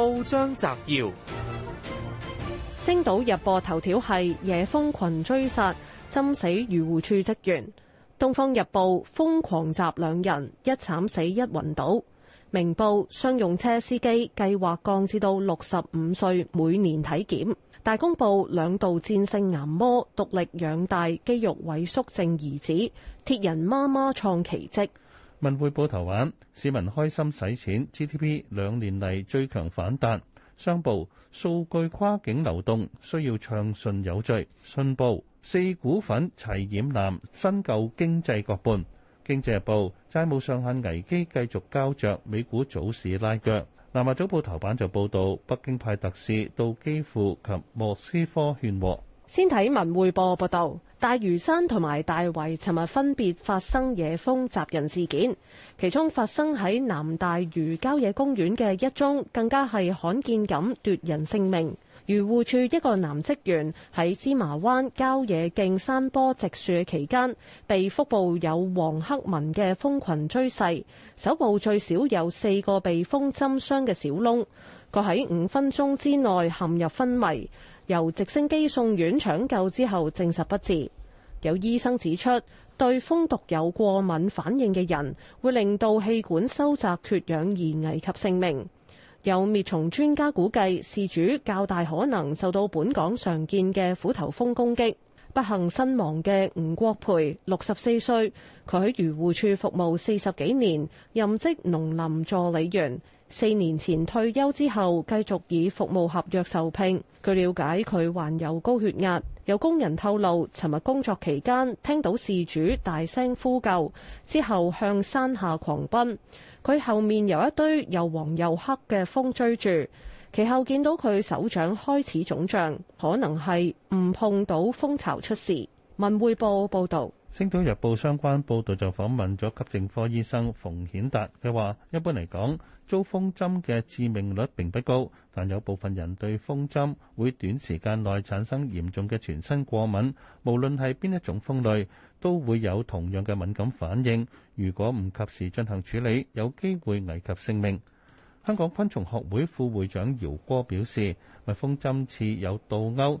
集報章摘要：星島日報頭條係野蜂群追殺，針死漁護處職員；東方日報瘋狂襲兩人，一慘死，一暈倒；明報商用車司機計劃降至到六十五歲每年體檢；大公報兩度戰勝癌魔，獨力養大肌肉萎縮症兒子；鐵人媽媽創奇蹟。文匯報頭版：市民開心使錢，GDP 兩年嚟最強反彈。商報數據跨境流動需要暢順有序。信報四股份齊染藍，新舊經濟各半。經濟日報債務上限危機繼續膠着，美股早市拉腳。南華早報頭版就報道北京派特使到基輔及莫斯科勸和。先睇文匯報報道，大嶼山同埋大圍尋日分別發生野蜂襲人事件，其中發生喺南大嶼郊野公園嘅一宗，更加係罕見咁奪人性命。漁護處一個男職員喺芝麻灣郊野徑山坡植樹嘅期間，被腹部有黃黑紋嘅蜂群追噬，手部最少有四個被蜂針傷嘅小窿，佢喺五分鐘之內陷入昏迷。由直升機送院搶救之後，證實不治。有醫生指出，對蜂毒有過敏反應嘅人，會令到氣管收窄缺氧而危及性命。有滅蟲專家估計，事主較大可能受到本港常見嘅虎頭蜂攻擊，不幸身亡嘅吳國培，六十四歲，佢喺漁護處服務四十幾年，任職農林助理員。四年前退休之後，繼續以服務合約受聘。據了解，佢患有高血壓。有工人透露，尋日工作期間聽到事主大聲呼救，之後向山下狂奔。佢後面由一堆又黃又黑嘅蜂追住，其後見到佢手掌開始腫脹，可能係唔碰到蜂巢出事。文匯報報道。星島日報相關報導就訪問咗急症科醫生馮顯達，佢話：一般嚟講，遭蜂針嘅致命率並不高，但有部分人對蜂針會短時間內產生嚴重嘅全身過敏，無論係邊一種蜂類，都會有同樣嘅敏感反應。如果唔及時進行處理，有機會危及性命。香港昆蟲學會副會長姚哥表示：蜜蜂針刺有倒勾。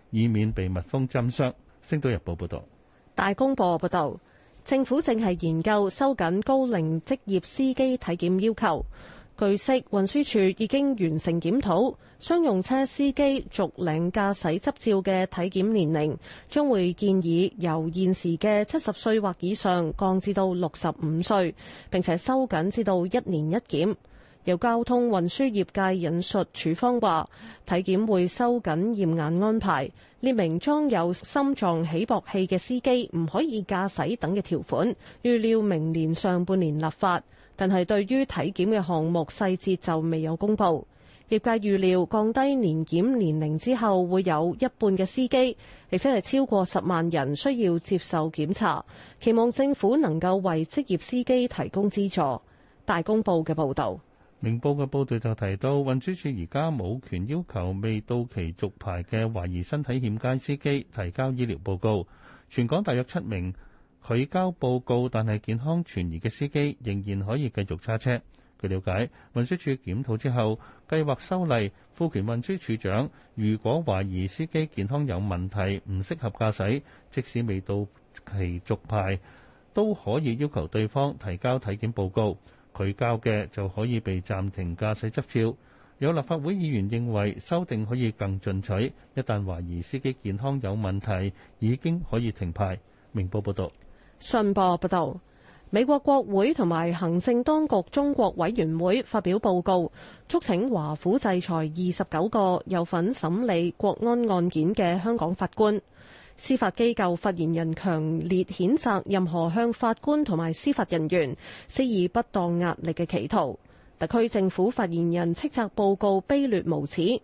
以免被蜜蜂針傷。星島日報報道，大公報報道，政府正係研究收緊高齡職業司機體檢要求。據悉，運輸處已經完成檢討，商用車司機續領駕駛執照嘅體檢年齡，將會建議由現時嘅七十歲或以上降至到六十五歲，並且收緊至到一年一檢。由交通運輸業界引述署方話，體檢會收緊驗眼安排，列明裝有心臟起搏器嘅司機唔可以駕駛等嘅條款。預料明年上半年立法，但係對於體檢嘅項目細節就未有公布。業界預料降低年檢年齡之後，會有一半嘅司機，亦即係超過十萬人需要接受檢查。期望政府能夠為職業司機提供資助。大公報嘅報道。明報嘅報道就提到，運輸署而家冇權要求未到期續牌嘅懷疑身體欠佳司機提交醫療報告。全港大約七名拒交報告但係健康存疑嘅司機仍然可以繼續揸車。據了解，運輸署檢討之後，計劃修例，賦權運輸署長，如果懷疑司機健康有問題，唔適合駕駛，即使未到期續牌，都可以要求對方提交體檢報告。佢交嘅就可以被暫停駕駛執照。有立法會議員認為修訂可以更進取，一旦懷疑司機健康有問題，已經可以停牌。明報報道，信報報道，美國國會同埋行政當局中國委員會發表報告，促請華府制裁二十九個有份審理國安案件嘅香港法官。司法機構發言人強烈譴責任何向法官同埋司法人員施以不當壓力嘅企圖。特區政府發言人斥責報告卑劣無恥。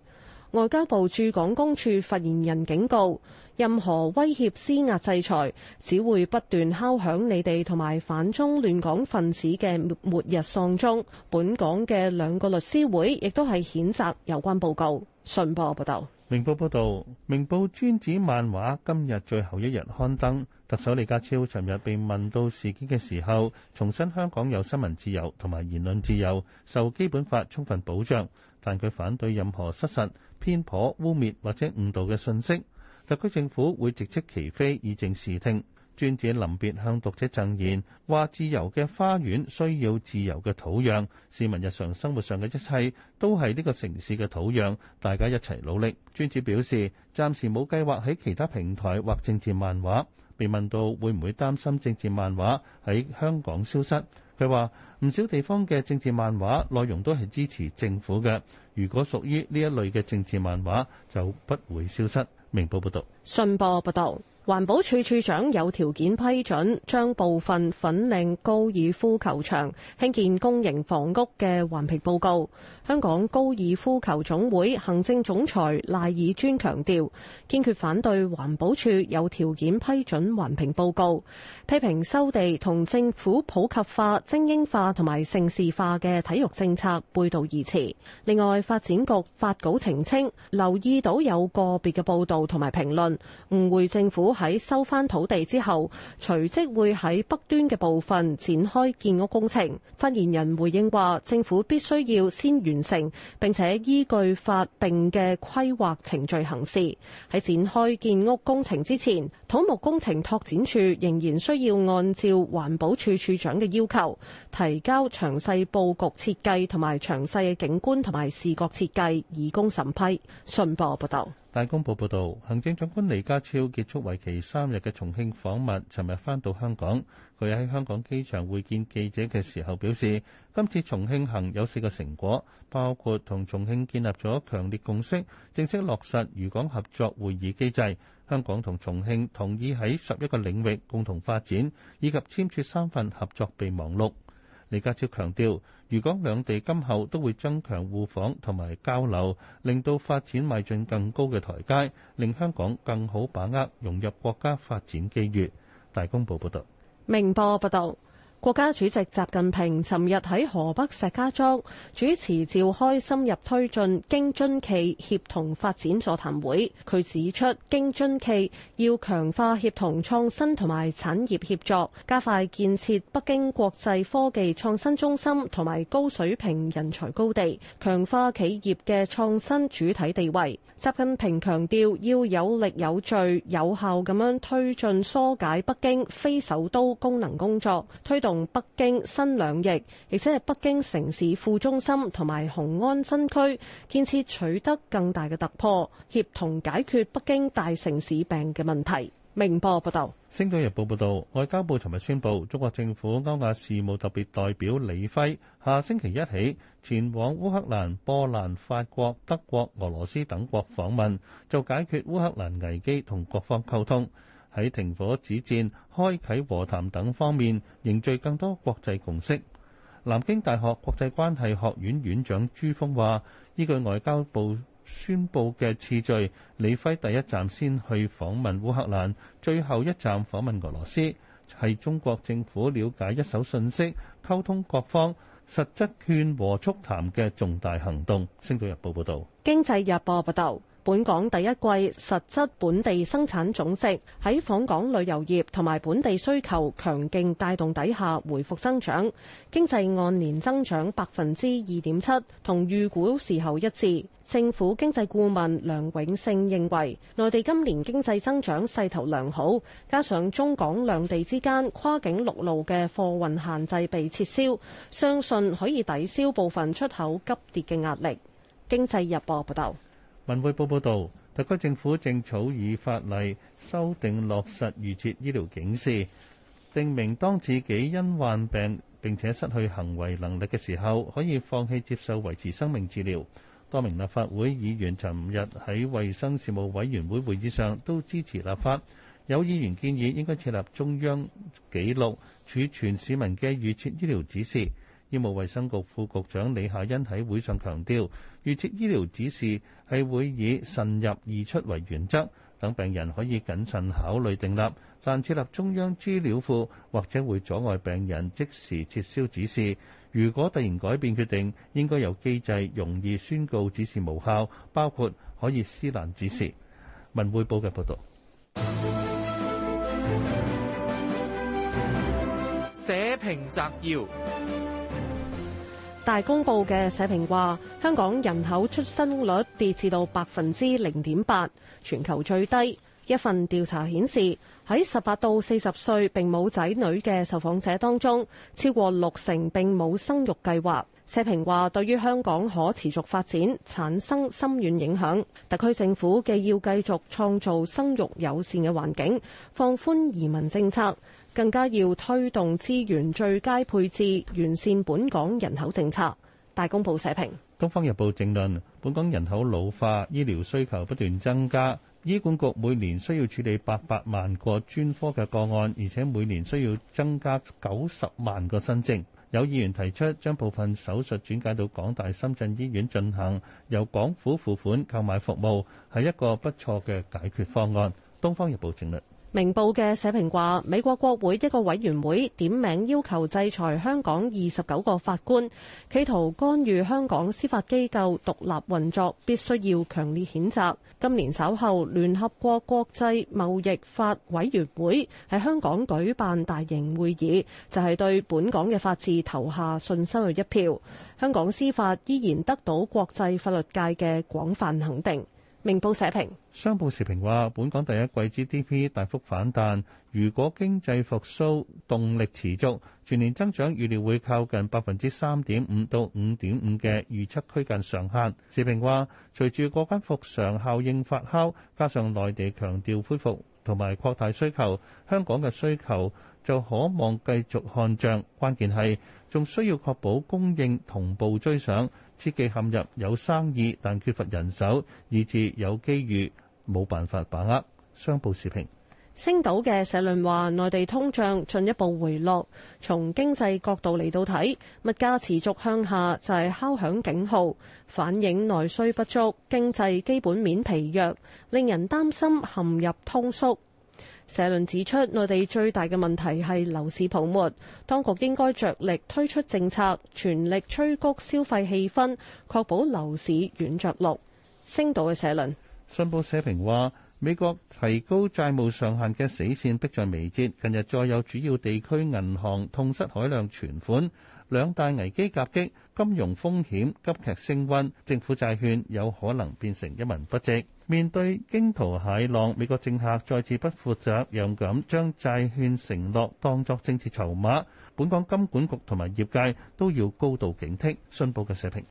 外交部駐港公署發言人警告，任何威脅施壓制裁，只會不斷敲響你哋同埋反中亂港分子嘅末日喪鐘。本港嘅兩個律師會亦都係譴責有關報告。信報報道。明報報道：明報尊子漫畫今日最後一日刊登。特首李家超尋日被問到事件嘅時候，重申香港有新聞自由同埋言論自由，受基本法充分保障。但佢反對任何失實、偏頗、污蔑或者誤導嘅信息。特區政府會直斥其非，以正視聽。作者臨別向讀者贈言，話自由嘅花園需要自由嘅土壤，市民日常生活上嘅一切都係呢個城市嘅土壤，大家一齊努力。作者表示，暫時冇計劃喺其他平台畫政治漫畫。被問到會唔會擔心政治漫畫喺香港消失，佢話唔少地方嘅政治漫畫內容都係支持政府嘅，如果屬於呢一類嘅政治漫畫，就不會消失。明報報道。信報報道。環保署署長有條件批准將部分粉嶺高爾夫球場興建公營房屋嘅環評報告。香港高爾夫球總會行政總裁賴以尊強調，堅決反對環保處有條件批准環評報告，批評收地同政府普及化、精英化同埋盛事化嘅體育政策背道而馳。另外，發展局發稿澄清，留意到有個別嘅報道同埋評論誤會政府。喺收翻土地之後，隨即會喺北端嘅部分展開建屋工程。發言人回應話：政府必須要先完成，並且依據法定嘅規劃程序行事。喺展開建屋工程之前，土木工程拓展處仍然需要按照環保署署長嘅要求，提交詳細佈局設計同埋詳細嘅景觀同埋視覺設計，以供審批。信報報道。大公報報導，行政長官李家超結束為期三日嘅重慶訪問，尋日返到香港。佢喺香港機場會見記者嘅時候表示，今次重慶行有四個成果，包括同重慶建立咗強烈共識，正式落實渝港合作會議機制，香港同重慶同意喺十一個領域共同發展，以及簽署三份合作備忘錄。李家超強調，如果兩地今後都會增強互訪同埋交流，令到發展邁進更高嘅台階，令香港更好把握融入國家發展機遇。大公報報道。明報報道。國家主席習近平尋日喺河北石家莊主持召開深入推進京津冀協同發展座談會。佢指出，京津冀要強化協同創新同埋產業協作，加快建設北京國際科技創新中心同埋高水平人才高地，強化企業嘅創新主體地位。習近平強調要有力有序有效咁樣推進疏解北京非首都功能工作，推動北京新兩翼，亦即係北京城市副中心同埋雄安新區建設取得更大嘅突破，協同解決北京大城市病嘅問題。明報、報道，星島日報報道。外交部尋日宣布，中國政府歐亞事務特別代表李輝下星期一起前往烏克蘭、波蘭、法國、德國、俄羅斯等國訪問，就解決烏克蘭危機同各方溝通，喺停火止戰、開啟和談等方面凝聚更多國際共識。南京大學國際關係學院院長朱峰話，依據外交部。宣布嘅次序，李輝第一站先去訪問烏克蘭，最後一站訪問俄羅斯，係中國政府了解一手信息、溝通各方、實質勸和促談嘅重大行動。《星島日報》報道，《經濟日報》報道。本港第一季實質本地生產總值喺訪港旅遊業同埋本地需求強勁帶動底下回復增長，經濟按年增長百分之二點七，同預估時候一致。政府經濟顧問梁永勝認為，內地今年經濟增長勢頭良好，加上中港兩地之間跨境陸路嘅貨運限制被撤銷，相信可以抵消部分出口急跌嘅壓力。經濟日報報道。文匯報報導，特區政府正草擬法例修訂落實預設醫療警示，訂明當自己因患病並且失去行為能力嘅時候，可以放棄接受維持生命治療。多名立法會議員尋日喺衛生事務委員會會議上都支持立法，有議員建議應該設立中央紀錄儲存市民嘅預設醫療指示。醫務衛生局副局長李夏茵喺會上強調，預設醫療指示係會以慎入易出為原則，等病人可以謹慎考慮訂立。但設立中央資料庫或者會阻礙病人即時撤銷指示。如果突然改變決定，應該有機制容易宣告指示無效，包括可以撕爛指示。文匯報嘅報道。社評摘要。大公報嘅社評話：香港人口出生率跌至到百分之零點八，全球最低。一份調查顯示，喺十八到四十歲並冇仔女嘅受訪者當中，超過六成並冇生育計劃。社評話：對於香港可持續發展產生深遠影響，特區政府既要繼續創造生育友善嘅環境，放寬移民政策。更加要推動資源最佳配置，完善本港人口政策。大公報社評，《東方日報》政論：本港人口老化，醫療需求不斷增加，醫管局每年需要處理八百萬個專科嘅個案，而且每年需要增加九十萬個新症。有議員提出將部分手術轉介到港大深圳醫院進行，由港府付款購買服務，係一個不錯嘅解決方案。《東方日報》政論。明報嘅社評話，美國國會一個委員會點名要求制裁香港二十九個法官，企圖干預香港司法機構獨立運作，必須要強烈譴責。今年稍後，聯合國國際貿易法委員會喺香港舉辦大型會議，就係對本港嘅法治投下信心嘅一票。香港司法依然得到國際法律界嘅廣泛肯定。明報社評。商報時評話，本港第一季 GDP 大幅反彈，如果經濟復甦動力持續，全年增長預料會靠近百分之三點五到五點五嘅預測區間上限。時評話，隨住個間復常效應發酵，加上內地強調恢復同埋擴大需求，香港嘅需求就可望繼續看漲。關鍵係仲需要確保供應同步追上，切忌陷入有生意但缺乏人手，以致有機遇，冇辦法把握。商報視平。星島嘅社論話：，內地通脹進一步回落，從經濟角度嚟到睇，物價持續向下就係敲響警號，反映內需不足，經濟基本面疲弱，令人擔心陷入通縮。社論指出，內地最大嘅問題係樓市泡沫，當局應該着力推出政策，全力催谷消費氣氛，確保樓市軟着陸。星島嘅社論。信報社評話，美國提高債務上限嘅死線迫在眉睫，近日再有主要地區銀行痛失海量存款，兩大危機夾擊，金融風險急劇升溫，政府債券有可能變成一文不值。面對驚濤駭浪，美國政客再次不負責任咁，將債券承諾當作政治籌碼，本港金管局同埋業界都要高度警惕。信報嘅社評。